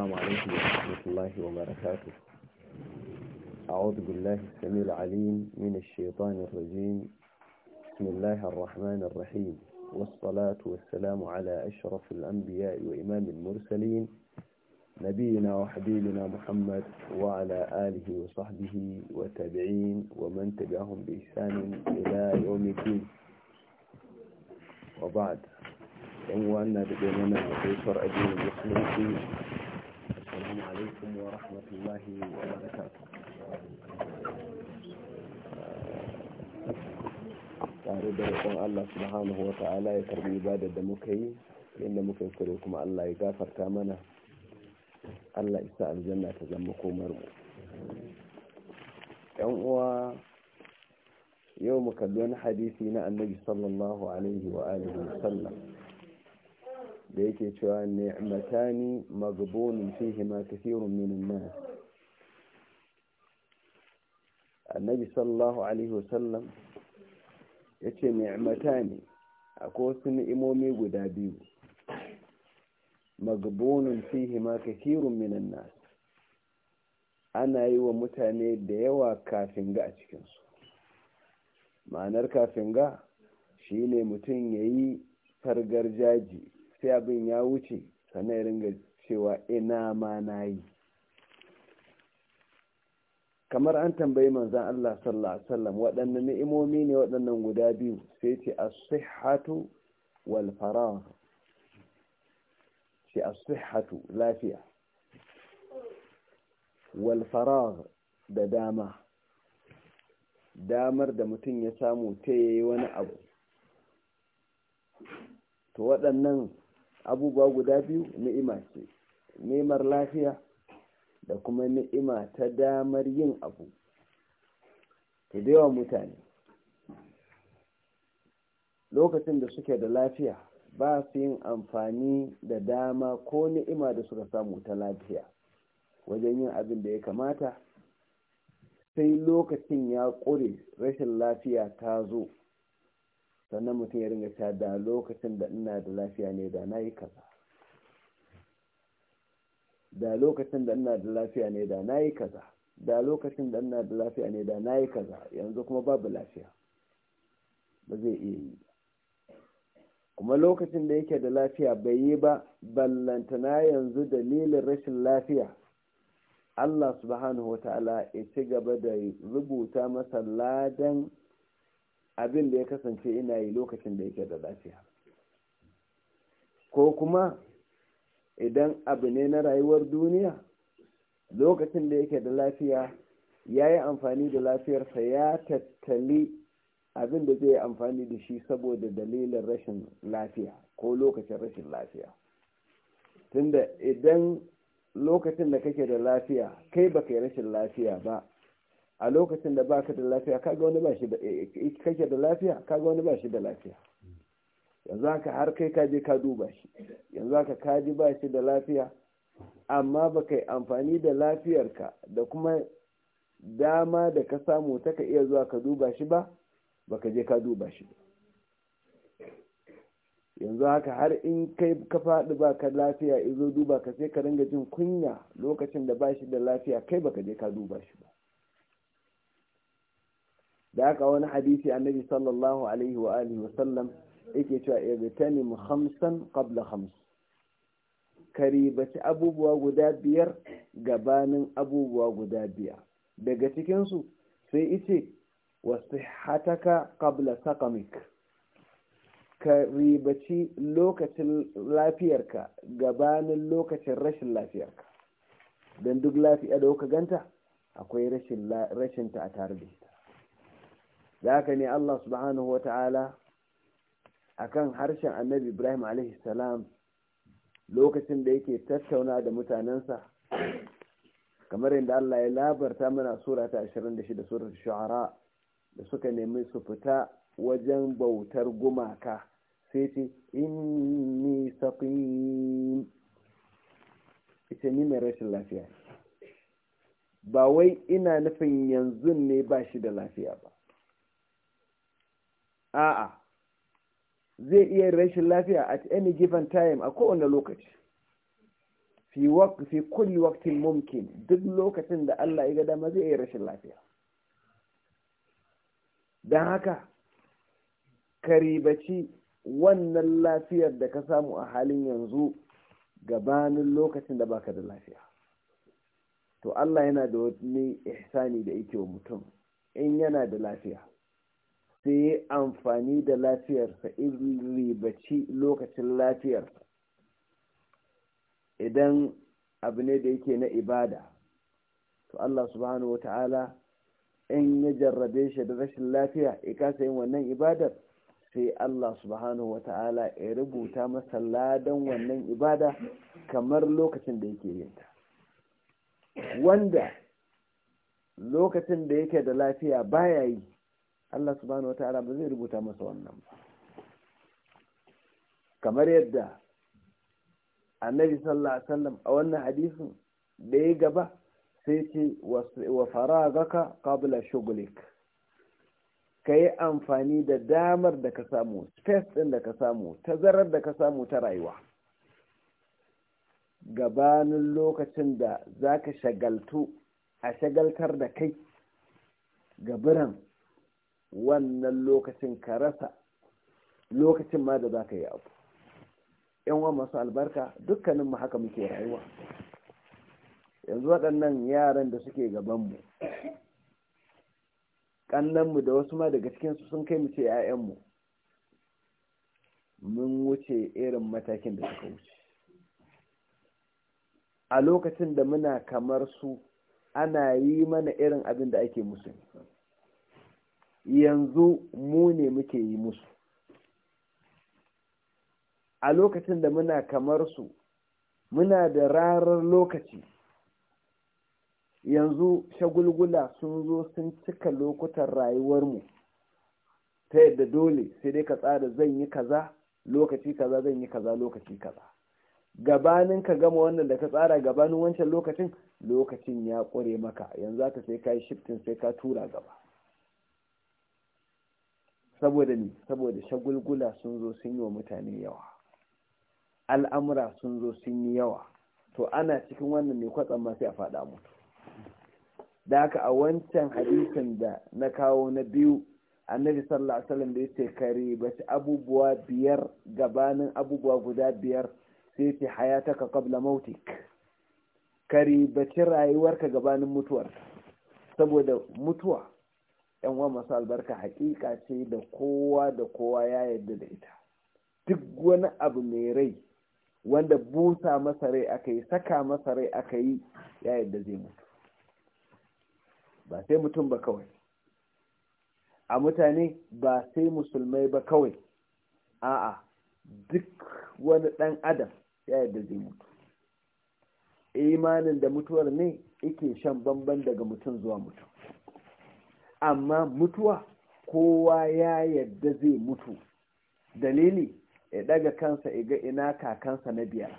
السلام عليكم ورحمة الله وبركاته أعوذ بالله السميع العليم من الشيطان الرجيم بسم الله الرحمن الرحيم والصلاة والسلام على أشرف الأنبياء وإمام المرسلين نبينا وحبيبنا محمد وعلى آله وصحبه وتابعين ومن تبعهم بإحسان إلى يوم الدين وبعد أن uwa na da mana akwai السلام عليكم ورحمة الله وبركاته tare da roƙon Allah subhanahu wa ta'ala ya karbi ibada da muka yi inda muka yi kure kuma Allah ya gafarta mana Allah isa aljanna ta zama komar mu yan uwa yau muka kalli hadisi na annabi sallallahu alaihi wa alihi wa sallam da yake cewa ni'matani maghbunun fihi ma kathirun nas annabi sallallahu alaihi wasallam yace ni'matani akwai wasu ni'imomi guda biyu maghbunun fihi ma kathirun nas ana yi wa mutane da yawa kafin ga a cikinsu ma'anar kafin ga shine mutum yayi fargar jaji sai abin ya wuce sannan ya ringa cewa ina ma na yi kamar an tambayi manzan Allah sallallahu Alaihi wasallam waɗannan ni'imomi ne waɗannan guda biyu sai ce as-sihhatu wal faragh ce as-sihhatu lafiya wal faragh da dama damar da mutum ya samu ta yayi wani abu to waɗannan abubuwa guda biyu ni'ima ce ni'imar lafiya da kuma ni'ima ta damar yin abu ta da yawan mutane lokacin da suke da lafiya ba su yin amfani da dama ko ni'ima da suka samu ta lafiya wajen yin abin da ya kamata sai lokacin ya ƙure rashin lafiya ta zo sannan mutum ya ringa cewa da lokacin da ina da lafiya ne da na yi kaza da lokacin da ina da lafiya ne da na yi kaza da lokacin da ina da lafiya ne da na yi kaza yanzu kuma babu lafiya ba zai iya yi ba kuma lokacin da yake da lafiya bai yi ba ballantana yanzu dalilin rashin lafiya Allah subhanahu wa ta'ala ya ci gaba da rubuta masa ladan abin da ya kasance ina yi lokacin da yake da lafiya ko kuma idan abu ne na rayuwar duniya lokacin da yake da lafiya ya yi amfani da lafiyarsa ya tattali abin da zai yi amfani da shi saboda dalilin rashin lafiya ko lokacin rashin lafiya tunda idan lokacin da kake da lafiya kai baka yi rashin lafiya ba a lokacin da baka da lafiya kaga wani ba shi da eh, eh, kake da lafiya kaga wani ba da lafiya yanzu haka har kai kaje ka duba shi yanzu haka kaji ba shi da lafiya amma baka yi amfani da lafiyarka da kuma dama da ka samu ta ka iya zuwa ka duba shi ba baka je ka duba shi yanzu haka har in kai ka faɗi ba ka lafiya izo duba ka sai ka ringa jin kunya lokacin da ba shi da lafiya kai baka je ka duba shi ba da haka wani hadisi annabi sallallahu alaihi wa alihi wasallam yake cewa mu hamsan qabla khams karibaci abubuwa guda biyar gabanin abubuwa guda biya daga cikinsu sai ice wasu hataka qabla sakamik karibaci lokacin lafiyarka gabanin lokacin rashin lafiyarka don duk lafiya da kuka ganta akwai rashin ta a tare da da haka ne Allah subhanahu wata'ala akan harshen annabi Ibrahim alaihi lokacin da yake tattauna da mutanensa kamar yadda Allah ya labarta mana sura ta 26 surar shu'ara da suka nemi su fita wajen bautar gumaka sai ce inni saqim ita ni mai rashin lafiya ba wai ina nufin yanzu ne ba shi da lafiya ba a'a zai iya rashin lafiya at any given time a kowane lokaci fi fi kulli waqtin mumkin duk lokacin da Allah ya gada dama zai iya rashin lafiya dan haka karibaci wannan lafiyar da ka samu a halin yanzu gabanin lokacin da baka da lafiya to Allah yana da wani ihsani da yake mutum in yana da lafiya sai yi amfani da lafiyarsa ribaci lokacin lafiyarsa idan abu ne da yake na ibada to Allah subhanahu wata'ala in ya jarrabe shi da rashin lafiya ya kasa yin wannan ibadar sai Allah subhanahu wata'ala ya rubuta masa ladan wannan ibada kamar lokacin da yake yinta wanda lokacin da yake da lafiya baya yi Allah subhanahu wata'ala ba zai rubuta masa wannan ba kamar yadda annabi sallallahu alaihi wasallam a wannan hadisin da ya gaba sai ce wa faragaka qabla shughlik kai amfani da damar da ka samu space din da ka samu tazarar da ka samu ta rayuwa gabanin lokacin da zaka shagaltu a shagaltar da kai gabiran wannan lokacin ka rasa lokacin ma da za ka yi abu yanwa masu albarka dukkaninmu haka muke rayuwa yanzu waɗannan yaran da suke gabanmu ƙannanmu da wasu ma daga cikinsu sun kai mu ce 'ya'yanmu mun wuce irin matakin da suka wuce a lokacin da muna kamar su ana yi mana irin abin da ake musu yanzu mu ne muke yi musu a lokacin da muna kamar su muna da rarar lokaci yanzu shagulgula sun zo sun cika lokutan rayuwarmu ta yadda dole sai dai ka tsara zan yi kaza lokaci kaza zan yi kaza lokaci kaza gabanin ka gama wannan da ka tsara gabanin wancan lokacin lokacin ya ƙure maka yanzu ka sai ka yi shiftin sai ka tura gaba saboda ne saboda shagulgula sun zo sun yi wa mutane yawa al'amura sun zo sun yi yawa to ana cikin wannan ne kwatsan ma sai a faɗa mutu da haka a wancan hadisin da na kawo na biyu annabi sallallahu alaihi wasallam da yace kare bace abubuwa biyar gabanin abubuwa guda biyar sai yace hayataka qabla mautik kare bace rayuwarka gabanin mutuwarka saboda mutuwa yan uwa masu albarka hakika ce da kowa da kowa ya yarda da ita duk wani abu mai rai wanda busa masa rai aka yi saka masa rai aka yi ya yarda zai mutu ba sai mutum ba kawai a mutane ba sai musulmai ba kawai a'a duk wani ɗan adam ya yarda zai mutu imanin da mutuwar ne yake shan bamban daga mutum zuwa mutum amma mutuwa kowa ya yadda zai mutu dalili ya daga kansa ga ina kakansa na biyar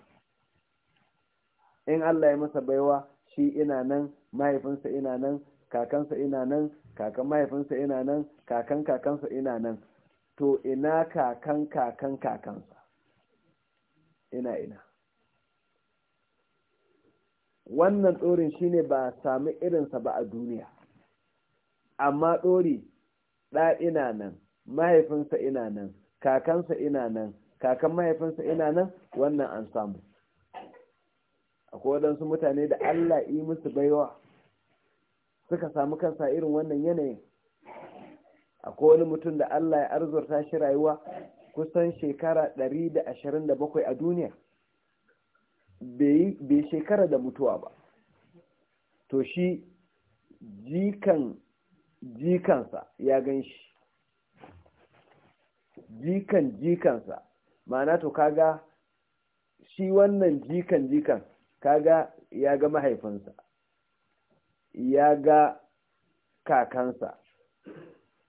in Allah ya masa baiwa shi ina nan mahaifinsa ina nan kakansa ina nan kakan mahaifinsa ina nan kakan kakansa ina nan to ina kakan kakan kakansa ina ina wannan tsorin shine ba sami irinsa ba a duniya amma ɗori ɗa ina nan mahaifinsa ina nan kakansa ina nan kakan mahaifinsa ina nan wannan an samu akwai waɗansu mutane da Allah yi musu baiwa suka samu kansa irin wannan yanayin akwai wani mutum da Allah ya arzurta shi rayuwa kusan shekara ɗari da da bakwai a duniya bai shekara da mutuwa ba to shi jikan jikansa ya gan shi jikan jikansa ma'ana to kaga shi wannan jikan jikan kaga ya ga mahaifinsa ya ga kakansa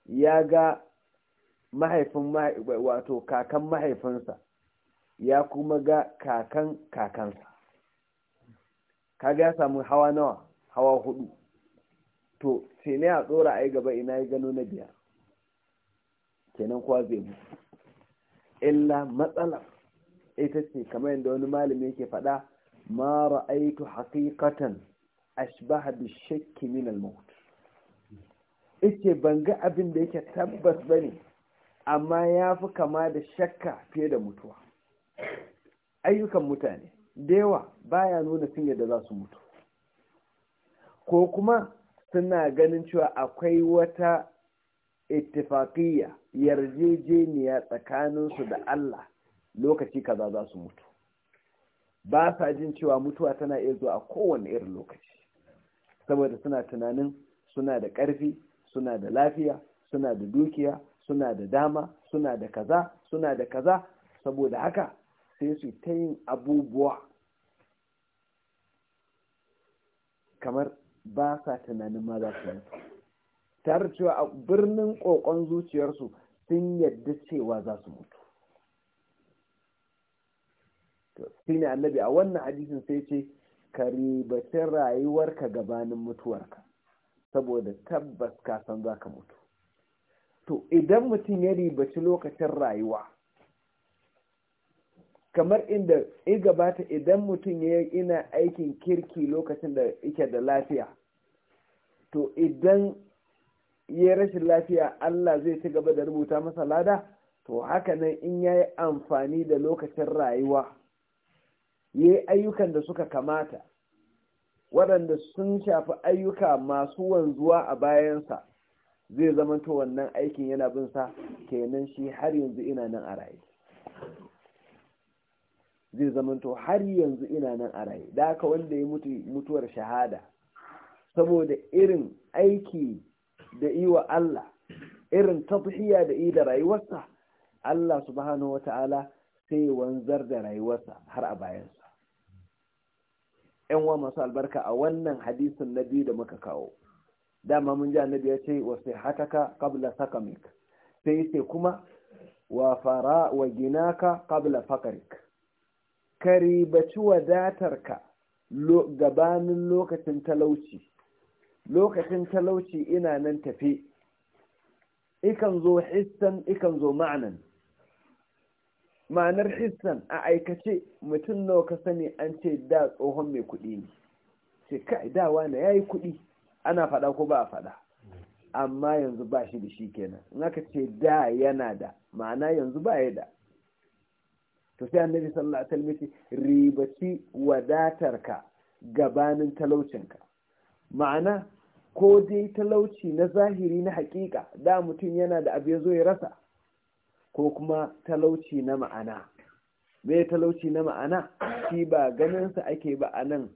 ya ga mahaifin wato kakan mahaifinsa ya kuma ga kakan kakansa kaga ya samu hawa nawa hawa hudu to sai ne a tsora ai gaba ina ya gano na biyar kenan kuwa zai mutu illa matsala ita ce kamar yadda wani malami yake faɗa ma ra'aitu haqiqatan ashbaha bi shakki min al-maut yace ban ga abin da yake tabbas bane amma ya fi kama da shakka fiye da mutuwa ayyukan mutane da yawa baya nuna sun yadda za su mutu ko kuma suna ganin cewa akwai wata ittifaqiyya yarjejeniya tsakaninsu da Allah lokaci kaza za su mutu ba sa jin cewa mutuwa tana iya zuwa a kowane irin lokaci saboda suna tunanin suna da ƙarfi suna da lafiya suna da dukiya suna da dama suna da kaza suna da kaza saboda haka sai su ta yin abubuwa kamar ba sa tunanin ma za su mutu tare cewa a birnin ƙoƙon zuciyarsu sun yadda cewa za su mutu shi ne annabi a wannan hadisin sai ce ka ribacin rayuwarka gabanin mutuwarka saboda tabbas kasan san za ka mutu to idan mutum ya ribaci lokacin rayuwa kamar inda in gabata idan mutum ya ina aikin kirki lokacin da yake da lafiya to idan ya rashin lafiya Allah zai ci gaba da rubuta masa lada to haka nan in ya yi amfani da lokacin rayuwa ya yi ayyukan da suka kamata waɗanda sun shafi ayyuka masu wanzuwa a bayansa zai zamanto wannan aikin yana bin sa kenan shi har yanzu ina nan a raye zai zamanto har yanzu ina nan a raye da aka wanda ya mutu mutuwar shahada saboda irin aiki da yi wa Allah irin tafiya da yi da rayuwarsa Allah subhanahu wata'ala sai wanzar da rayuwarsa har a bayansa yanwa masu albarka a wannan hadisin na biyu da muka kawo dama mun ji annabi ya ce wa sai hataka qabla sakamik sai yace kuma wa fara wa ginaka qabla fakarik ka ribaci wadatarka gabanin lokacin talauci lokacin talauci ina nan tafi ikan zo hissan ikan zo ma'anan ma'anar hissan a aikace mutum nawa ka sani an ce da tsohon mai kuɗi ne ce kai dawa na yayi kuɗi ana faɗa ko ba a faɗa amma yanzu ba shi da shi kenan in aka ce da yana da ma'ana yanzu ba ya da to sai annabi sallallahu alaihi wasallam ce ribaci wadatarka gabanin talaucinka ma'ana ko dai talauci na zahiri na hakika da mutum yana da abin zo ya rasa ko kuma talauci na ma'ana me talauci na ma'ana shi ba ganin sa ake ba a nan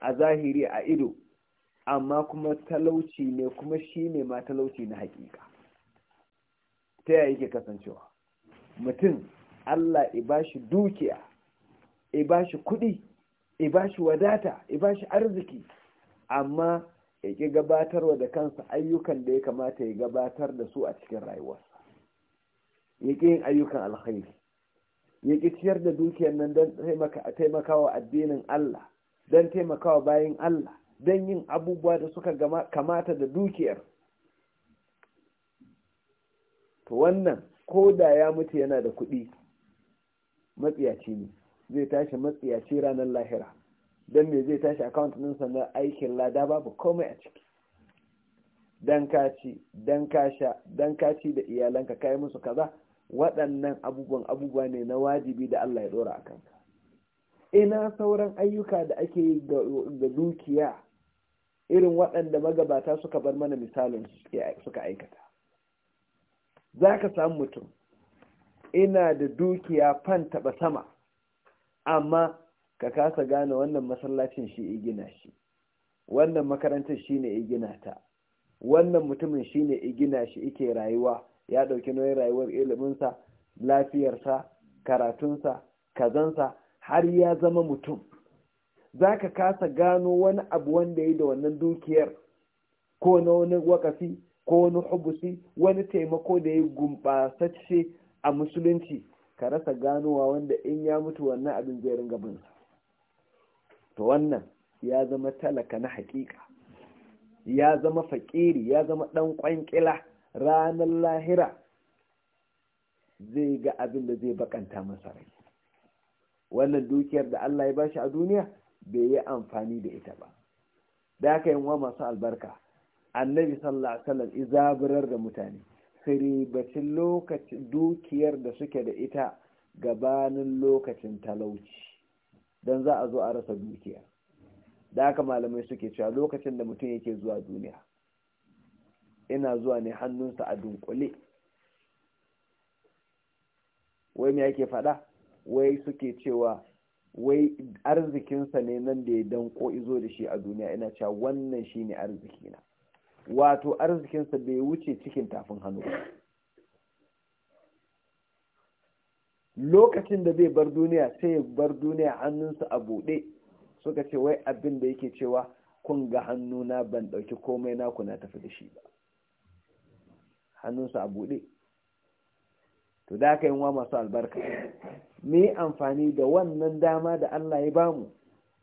a zahiri a ido amma kuma talauci ne kuma shi ne ma talauci na hakika ta yaya yake kasancewa mutum Allah I bashi dukiya I bashi kuɗi ibashi bashi wadata I bashi arziki amma ya ƙi gabatarwa da kansa ayyukan da ya kamata ya gabatar da su a cikin rayuwarsa ya ƙi yin ayyukan alkhairi ya ƙi ciyar da dukiyar nan don taimakawa addinin Allah don taimakawa bayan Allah don yin abubuwa da suka kamata da dukiyar to wannan ko da ya mutu yana da kuɗi matsiyaci ne zai tashi matsiyaci ranar lahira don me zai tashi account ɗinsa na aikin lada babu komai a ciki don kaci don dan ka kaci da iyalanka kai musu kaza waɗannan abubuwan abubuwa ne na wajibi da Allah ya ɗora a kanka ina sauran ayyuka da ake yi ga dukiya irin waɗanda magabata suka bar mana misalin suka aikata za ka samu mutum ina da dukiya fan taɓa sama amma ka kasa gane wannan masallacin shi ya gina shi wannan makarantar shi ne ya gina ta wannan mutumin shi ne ya gina shi ike rayuwa ya ɗauki nauyin rayuwar iliminsa lafiyarsa karatunsa kazansa har ya zama mutum za ka kasa gano wani abu wanda ya yi da wannan dukiyar ko na wani wakafi ko wani hubusi wani taimako da ya gumbasace a musulunci ka rasa ganowa wanda in ya mutu wannan abin zai ringa bin to wannan ya zama talaka na hakika ya zama fakiri ya zama dan kwankila ranar lahira zai ga abin da zai bakanta masa rai wannan dukiyar da Allah ya bashi a duniya bai yi amfani da ita ba da aka yin wa masu albarka annabi sallallahu alaihi wasallam izabirar da mutane su lokacin dukiyar da suke da ita gabanin lokacin talauci don za a zo a rasa dukiya da haka malamai suke cewa lokacin da mutum yake zuwa duniya ina zuwa ne hannunsa a dunkule wai mai yake fada wai suke cewa wai arzikinsa ne nan da ya danko izo da shi a duniya ina cewa wannan shi shine arzikina wato arzikinsa bai wuce cikin tafin hannu lokacin da zai bar duniya sai ya bar duniya hannunsa a buɗe suka ce wai abin da yake cewa kun ga hannuna ban ɗauki komai naku na tafi da shi ba hannunsa a buɗe to da aka yi wa masu albarka me amfani da wannan dama da Allah ya bamu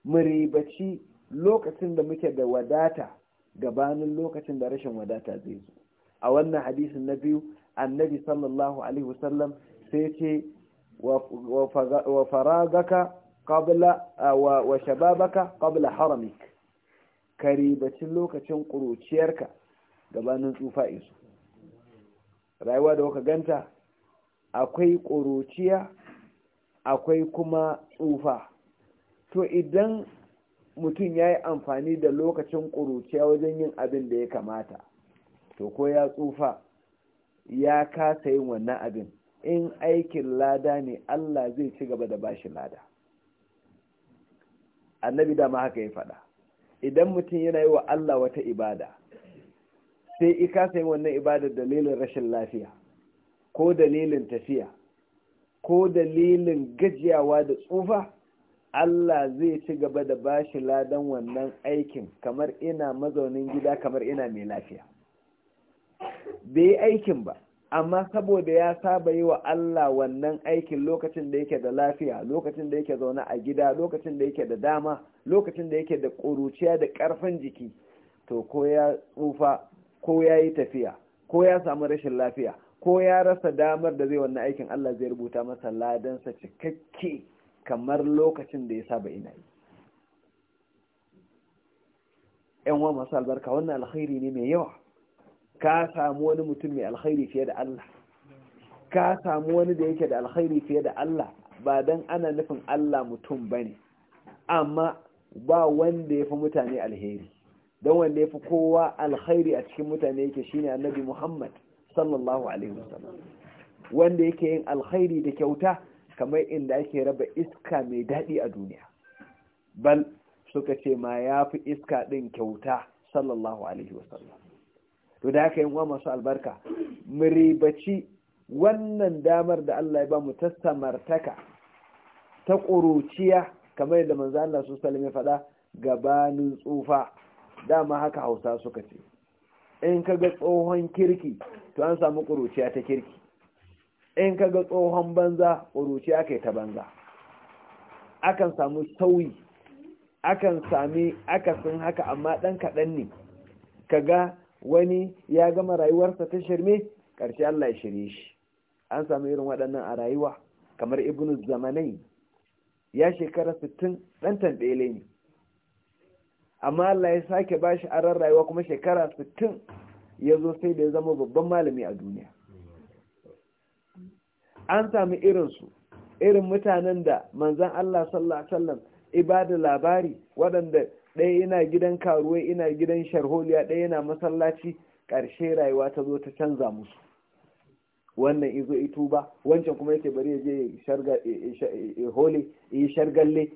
mu ribaci lokacin da muke da wadata gabanin lokacin da rashin wadata zai zo a wannan hadisin na biyu annabi sallallahu alaihi wasallam sai ce wa faragaka qabla wa shababaka qabla haramik karibacin lokacin ƙuruciyarka gabanin tsufa isu rayuwa da waka ganta akwai ƙuruciya akwai kuma tsufa to idan mutum ya yi amfani da lokacin ƙuruciya wajen yin abin da ya kamata to ko ya tsufa ya kasa yin wannan abin in aikin lada ne Allah zai ci gaba da bashi lada annabi dama haka ya faɗa idan mutum yana yi wa Allah wata ibada sai i kasa yin wannan ibada dalilin rashin lafiya ko dalilin tafiya ko dalilin gajiyawa da tsufa Allah zai ci gaba da bashi ladan wannan aikin kamar ina mazaunin gida kamar ina mai lafiya bai aikin ba amma saboda ya saba yi wa Allah wannan aikin lokacin da yake da lafiya lokacin da yake zaune a gida lokacin da yake da dama lokacin da yake da ƙuruciya da ƙarfin jiki to ko ya tsufa ko ya yi tafiya ko ya samu rashin lafiya ko ya rasa damar da zai wannan aikin Allah zai rubuta masa ladansa cikakke kamar lokacin da ya saba ina yi ‘yan wa masu albarka wannan alkhairi ne mai yawa ka samu wani mutum mai alkhairi fiye da Allah ka samu wani da yake da alkhairi fiye da Allah ba don ana nufin Allah mutum ba ne amma ba wanda ya fi mutane alheri don wanda ya fi kowa alkhairi a cikin mutane yake shine annabi Muhammad sallallahu alaihi wasallam wanda yake yin alkhairi da kyauta kamar inda ake raba iska mai daɗi a duniya bal suka ce ma ya fi iska ɗin kyauta sallallahu alaihi wasallam to da haka yin wa masu albarka muribaci wannan damar da Allah ya ba mu ta samartaka ta ƙuruciya kamar da manzo Allah su sallam ya faɗa gabanin tsufa dama haka hausa suka ce in ka ga tsohon kirki to an samu ƙuruciya ta kirki in ka ga tsohon banza ƙuruci aka ta banza akan samu sauyi akan sami akasin haka amma ɗan kaɗan ne Ka ga wani ya gama rayuwarsa ta shirme ƙarshe Allah ya shirye shi an samu irin waɗannan a rayuwa kamar ibn zamanai ya shekara 60 ɗan tanɗele ne amma Allah ya sake ba shi a rayuwa kuma shekara sittin ya zo sai da ya zama babban malami a duniya an sami irinsu irin mutanen da manzan Allah sallallahu Alaihi ibada labari waɗanda ɗaya ina gidan karuwai ina gidan sharholiya ɗaya yana masallaci ƙarshe rayuwa ta zo ta canza musu wannan izo ito ba wancan kuma yake bari ya je hole yi shargalle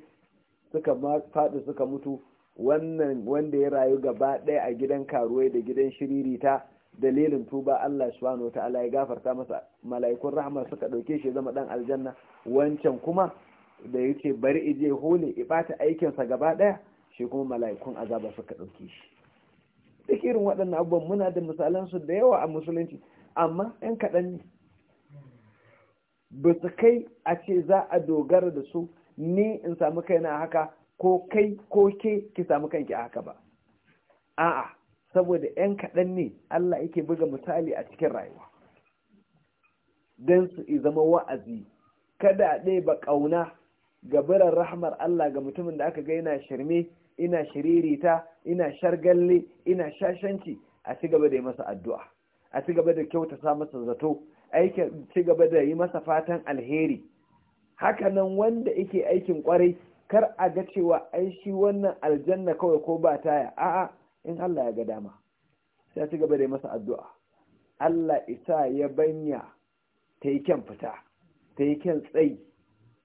suka faɗi suka mutu wannan wanda ya rayu gaba ɗaya a gidan karuwai da gidan shiririta dalilin tuba Allah subhanahu wataala ya gafarta masa mala'ikun rahma suka dauke shi zama dan aljanna wancan kuma da yace bari ije hole ya bata aikin sa gaba daya shi kuma mala'ikun azaba suka dauke shi duk irin waɗannan abubuwan muna da misalan su da yawa a musulunci amma ɗan kaɗan ne ba su kai a ce za a dogara da su ni in samu kaina haka ko kai ko ke ki samu kanki haka ba a'a saboda ‘yan kaɗan ne Allah yake buga misali a cikin rayuwa don su zama wa'azi kada a ɗaya ba ƙauna ga biran rahmar Allah ga mutumin da aka ga yana shirme ina shiririta ina shargalle ina shashanci a ci gaba da yi masa addu'a a ci gaba da kyautata masa zato aikin ci gaba da yi masa fatan alheri hakanan wanda yake aikin kwarai kar a ga cewa ai shi wannan aljanna kawai ko ba taya a'a in Allah ya ga dama sai ci gaba da masa addu'a Allah isa ya banya ta yi kyan fita ta yi kyan tsayi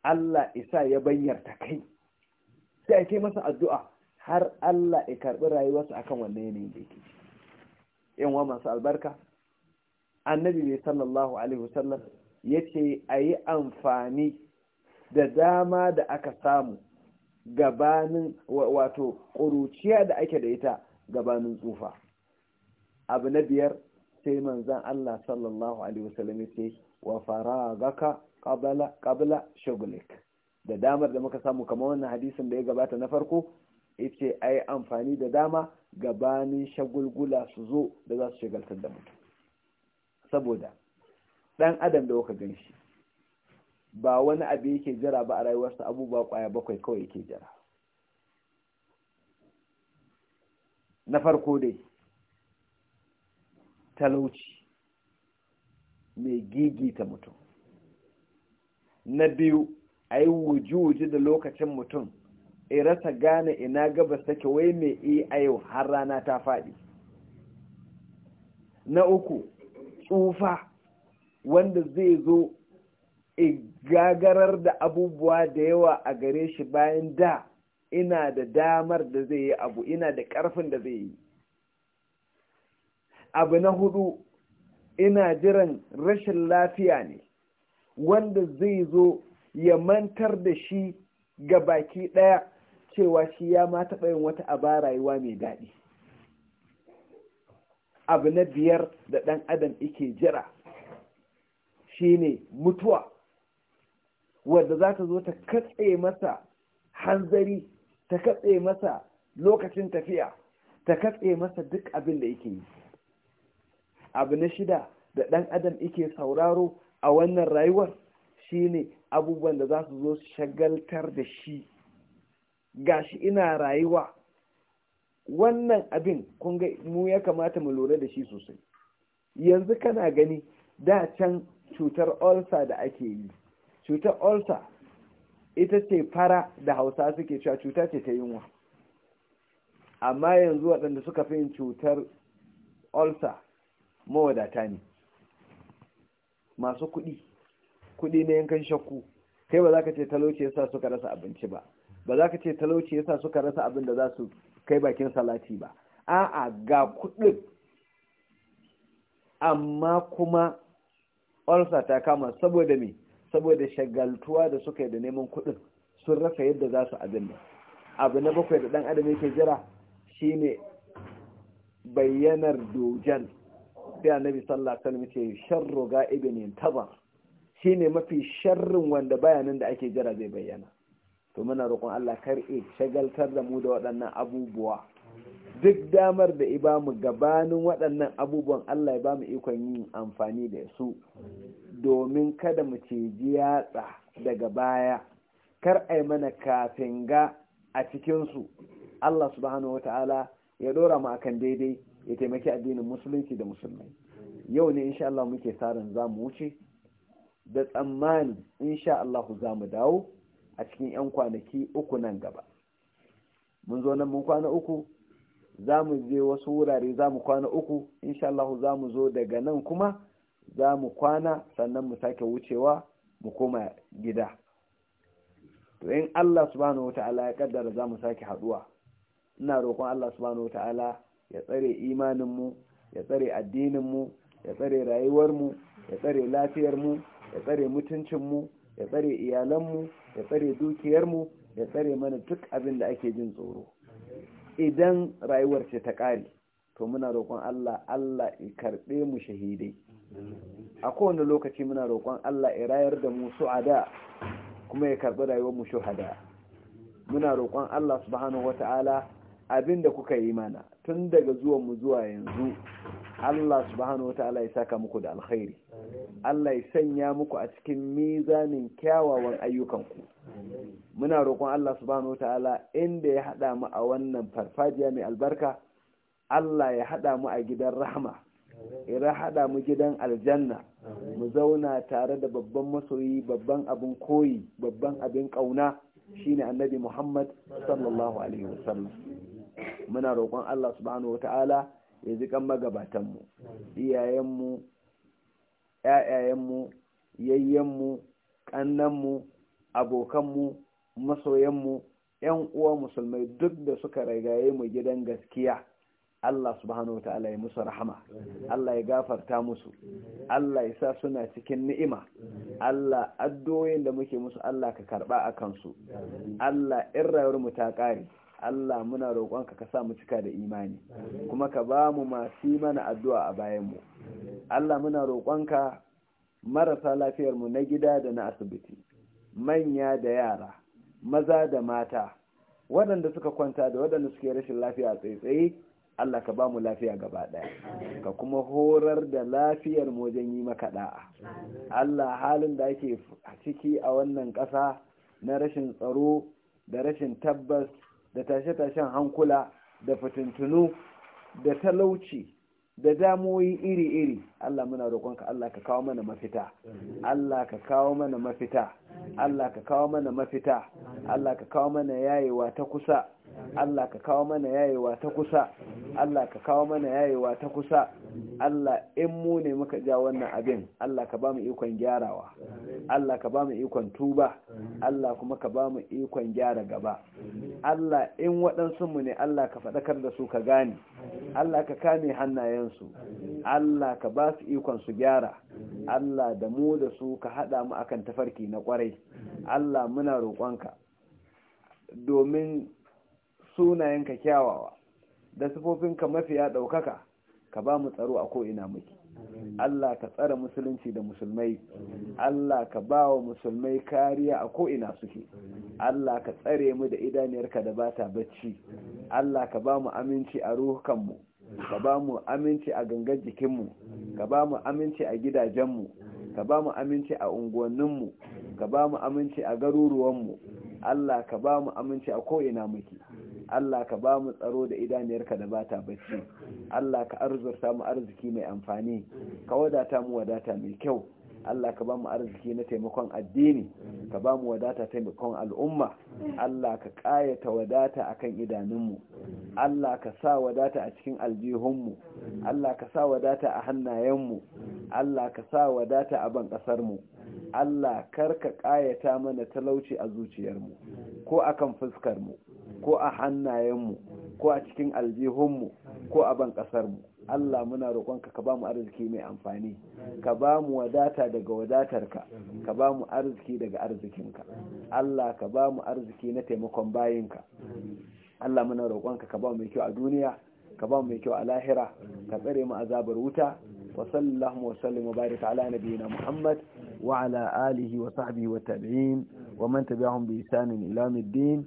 Allah isa ya banyar ta kai sai a kai masa addu'a har Allah ya karɓi rayuwarsa akan wannan yanayin da yake yan wa masu albarka annabi ne sallallahu alaihi wasallam ya ce a yi amfani da dama da aka samu gabanin wato ƙuruciya da ake da ita gabanin tsufa abu na biyar sai manzan Allah sallallahu alaihi wasallam ce wa faragaka qabla qabla da damar da muka samu kamar wannan hadisin da ya gabata na farko a yi amfani da dama gabanin shagulgula su zo da za su shagaltar da mutum saboda dan adam da gan shi ba wani abu yake jira ba a rayuwarsa abubuwa ƙwaya bakwai kawai yake jira na farko dai talauci mai gigita mutum na biyu a yi wuji-wuji da lokacin mutum rasa gane ina gabas take wai mai iya a har rana ta faɗi na uku tsufa wanda zai zo gagarar da abubuwa da yawa a gare shi bayan da ina da damar da zai yi abu ina da ƙarfin da zai yi abu na hudu ina jiran rashin lafiya ne wanda zai zo ya mantar da shi ga baki ɗaya cewa shi ya ma taɓa yin wata aba rayuwa mai daɗi abu na biyar da ɗan adam ike jira shi ne mutuwa wadda za ta zo ta katse masa hanzari ta katse masa lokacin tafiya ta katse masa duk abin da yake yi abu na shida da ɗan adam yake sauraro a wannan rayuwar shine abubuwan da za su zo shagaltar da shi gashi ina rayuwa wannan abin kun ga mu ya kamata mu lura da shi sosai yanzu kana gani da can cutar olsa da ake yi cutar olsa ita ce fara da hausa suke cewa cuta ce ta yunwa amma yanzu waɗanda suka fi yin cutar ulcer mawadata ne masu kuɗi kuɗi na yankan shakku kai ba za ka ce talauci yasa suka rasa abinci ba ba za ka ce talauci yasa suka rasa abin da za su kai bakin salati ba a'a ga kuɗin amma kuma ulcer ta kama saboda me saboda shagaltuwa da suka yi da neman kuɗin sun rasa yadda za su abin da abu na bakwai da ɗan adam yake jira shine bayyanar dujal sai annabi sallallahu alaihi wasallam ce sharru ga'ibin yantabar shine mafi sharrin wanda bayanin da ake jira zai bayyana to muna roƙon Allah kar e shagaltar da mu da waɗannan abubuwa duk damar da ibamu bamu gabanin waɗannan abubuwan Allah ya bamu ikon yin amfani da su domin kada mu ciji yatsa daga baya kar ai mana kafin ga a cikinsu Allah subhanahu wa ta'ala ya dora mu akan daidai ya taimaki addinin musulunci da musulmai yau ne insha Allah muke sarin za mu wuce da tsammani insha Allah za mu dawo a cikin 'yan kwanaki uku nan gaba mun zo nan mun kwana uku za mu je wasu wurare za mu kwana uku insha Allah za mu zo daga nan kuma za mu kwana sannan mu sake wucewa mu koma gida to in Allah subhanahu wata'ala ya kaddara za mu sake haduwa ina roƙon Allah subhanahu wata'ala ya tsare imaninmu ya tsare addininmu ya tsare rayuwarmu ya tsare lafiyarmu ya tsare mutuncinmu ya tsare iyalanmu ya tsare dukiyarmu ya tsare mana duk abin da ake jin tsoro idan rayuwar ce ta ƙare to muna roƙon Allah Allah ya karɓe mu shahidai a kowane lokaci muna roƙon Allah ya rayar da mu su a da kuma ya karɓi rayuwar mu shuhada muna roƙon Allah subhanahu wata'ala abinda kuka yi mana tun daga zuwan mu zuwa yanzu Allah subhanahu wata'ala ya saka muku da alkhairi Allah ya sanya muku a cikin mizanin kyawawan ayyukan ku muna roƙon Allah subhanahu wata'ala inda ya haɗa mu a wannan farfajiya mai albarka Allah ya haɗa mu a gidan rahama ira haɗa mu gidan aljanna mu zauna tare da babban masoyi babban abin koyi babban abin ƙauna shine annabi Muhammad sallallahu alaihi wasallam muna roƙon Allah subhanahu wataala ya ji kan magabatan mu iyayen mu ƴaƴayen mu yayyen mu masoyan mu ƴan uwa musulmai duk da suka ragaye mu gidan gaskiya Allah subhanahu ta'ala ya musu rahama Allah ya gafarta musu Allah ya sa suna cikin ni'ima Allah addu'o'in da muke musu Allah ka karɓa a kansu Allah in rayuwar mu ta ƙari. Allah muna roƙonka ka sa mu cika da imani kuma ka ba mu masu mana addu'a a bayanmu Allah muna roƙonka marasa lafiyarmu na gida da na asibiti manya da yara maza da mata waɗanda suka kwanta da waɗanda suke rashin lafiya tsaitsaye Allah ka ba mu lafiya gaba ɗaya ka kuma horar da lafiyar mu wajen yi maka ɗa’a. Allah halin da ake ciki a wannan ƙasa na rashin tsaro da rashin tabbas da tashe-tashen hankula da fitintunu da talauci da damoyi iri-iri Allah muna roƙonka Allah ka kawo mana mafita Allah ka kawo mana mafita Allah ka kawo mana mafita Allah ka kawo mana yayewa ta kusa Allah ka kawo mana yayewa ta kusa Allah ka kawo mana yayewa ta kusa Allah in mu ne muka ja wannan abin Allah ka ba mu ikon gyarawa Allah ka ba mu ikon tuba Allah kuma ka ba mu ikon gyara gaba Allah in waɗansu mu ne Allah ka faɗakar da su ka gane Allah ka kame hannayensu Allah ka ba su ikon su gyara Allah da mu da su ka haɗa mu akan tafarki na ƙwarai Allah muna roƙonka domin Sunayen sunayenka kyawawa da ka mafiya ɗaukaka ka ba mu tsaro a ko'ina muke Allah ka tsara musulunci da musulmai Allah ka ba wa musulmai kariya a ko'ina suke Allah ka tsare mu da idaniyarka da bata bacci Allah ka ba mu aminci a ruhukanmu ka ba mu aminci a gangar jikinmu ka ba mu aminci a gidajenmu ka ba mu aminci a unguwanninmu ka ba mu aminci a garuruwanmu Allah ka ba mu aminci a ko'ina muke Allah ka ba mu tsaro da idaniyarka da bata bacci Allah ka arzurta mu arziki mai amfani ka wadata mu wadata mai kyau Allah ka ba mu arziki na taimakon addini ka ba mu wadata taimakon al'umma Allah ka ƙayata wadata akan idanunmu Allah ka sa wadata a cikin aljihunmu Allah ka sa wadata a hannayenmu Allah ka sa wadata a ban ƙasarmu Allah kar ka ƙayata mana talauci a zuciyarmu ko akan fuskarmu ko a hannayenmu ko a cikin aljihunmu ko a ban ƙasarmu Allah muna roƙonka ka ba mu arziki mai amfani ka ba mu wadata daga wadatarka ka ba mu arziki daga arzikinka Allah ka ba mu arziki na taimakon bayinka Allah muna roƙonka ka ba mu mai kyau a duniya ka ba mu mai kyau a lahira ka tsare mu azabar wuta wa sallallahu wa sallam wa barika ala nabiyina Muhammad wa ala alihi wa sahbihi wa tabi'in wa man tabi'ahum bi ihsan ila yawmiddin